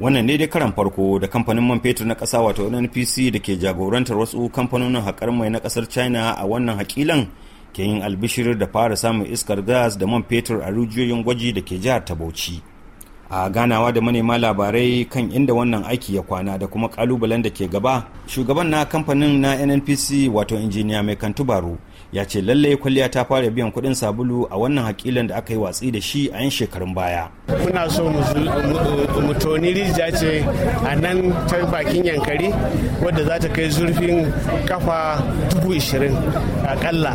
wannan ne dai karan farko da kamfanin man fetur na kasa wato nnpc da ke jagorantar wasu kamfanonin haƙar mai na kasar china a wannan hakilan ke yin albishir da fara samun iskar gas da man fetur a rijiyoyin gwaji da ke jihar ta bauchi a ganawa da manema labarai kan inda wannan aiki ya kwana da kuma kalubalen da ke gaba shugaban na kamfanin na nnpc wato injiniya mai baro ya ce lallai kwalliya ta fara biyan kuɗin sabulu a wannan hakilan da aka yi watsi da shi a yan shekarun baya. muna so mu toni rijiya ce a nan ta bakin yankari wadda za ta kai zurfin kafa dubu ishirin akalla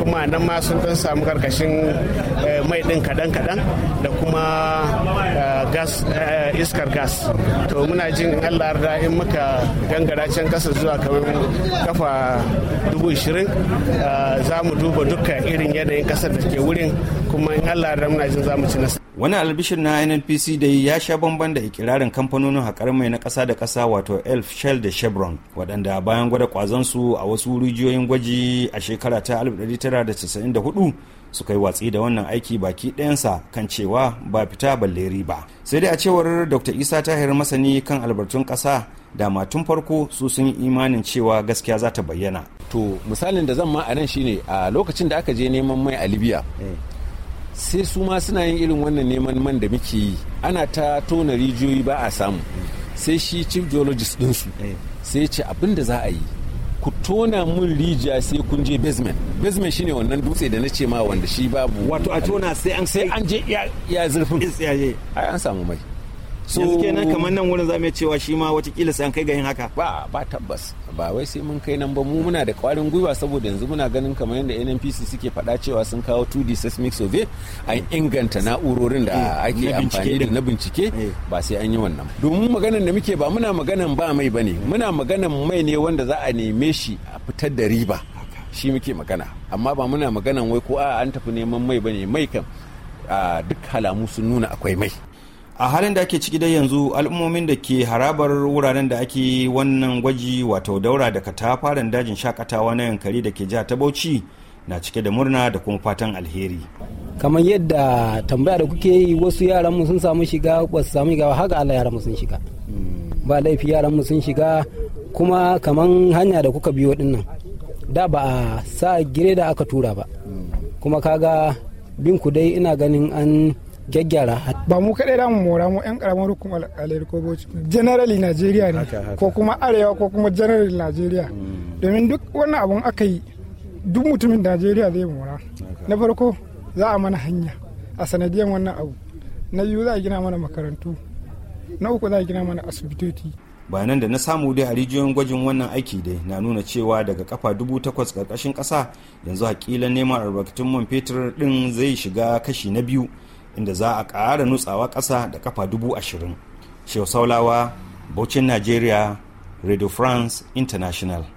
kuma nan ma sun dan samu karkashin eh, mai ɗin kaɗan-kaɗan da kuma eh, gas eh, iskar gas to muna jin allah da in muka gangara can kasa zuwa kamar kafa dubu ishirin ah, za mu duba dukkan irin yanayin kasar da ke wurin kuma in allah da muna jin za mu ci nasa wani albishir na nnpc da ya sha bamban da ikirarin kamfanonin haƙar mai na ƙasa da ƙasa wato elf shell da chevron waɗanda bayan gwada kwazansu a wasu rijiyoyin gwaji a shekara ta 1994 suka yi watsi da wannan aiki baki ɗayansa kan cewa ba fita balle riba sai dai a cewar cewar dr isa tahir masani kan albartun ƙasa da matun farko su sun imanin cewa gaskiya za ta bayyana to misalin da zan ma a nan shine a lokacin da aka je neman mai a libya eh. sai su ma suna yin irin wannan neman man da muke yi ana ta tona rijiyoyi ba a samu eh. sai shi chief geologist ɗinsu eh. sai ce abin da za a yi ku tona mun rijiya sai kun je basement basement shine wannan dutse da na ce ma wanda shi babu wato a tona sai an sai an je ya zurfin ai an samu mai so yanzu kenan kamar nan wurin zamu cewa shi ma watakila sai an kai ga yin haka ba ba tabbas ba wai sai mun kai nan ba mu muna da kwarin gwiwa saboda yanzu muna ganin kamar yadda NNPC suke faɗa cewa sun kawo 2D seismic survey an inganta na'urorin da eh, ake amfani da na bincike eh. ba sai an yi wannan domin maganan da muke ba muna maganan ba mai bane muna maganan mai ne wanda za a neme shi a fitar da riba shi muke magana amma ba muna maganan wai ko a an tafi neman mai bane mai kan duk halamu sun nuna akwai mai a halin da ake ciki dai yanzu al'ummomin da ke harabar wuraren da ake wannan gwaji wato daura da katafaren dajin shakatawa na yankari da ke jiha ta bauchi na cike da murna da kuma fatan alheri kamar yadda tambaya da kuke yi wasu yaranmu sun samu shiga ba su samu shiga ba haka allah yaranmu sun shiga ba laifi yaranmu sun shiga kuma kamar hanya da kuka biyo dinnan da ba a sa da aka tura ba kuma kaga binku dai ina ganin an gyaggyara ba mu kaɗai da mu mora mu yan karamar hukumar alƙalai ko bauchi generally ne ko kuma arewa ko kuma general nigeria mm. domin duk wannan abun aka yi duk mutumin najeriya zai mora na farko za a mana hanya a sanadiyar wannan abu na biyu za a gina mana makarantu na uku za a gina mana asibitoci bayanan da na samu dai a rijiyoyin gwajin wannan aiki dai na nuna cewa daga kafa dubu takwas karkashin ƙasa yanzu hakilan neman albarkatun man fetur din zai shiga kashi na biyu inda za a ƙara nutsawa ƙasa da kafa dubu ashirin. Shehu Saulawa, Bauchin Najeriya, Radio France International.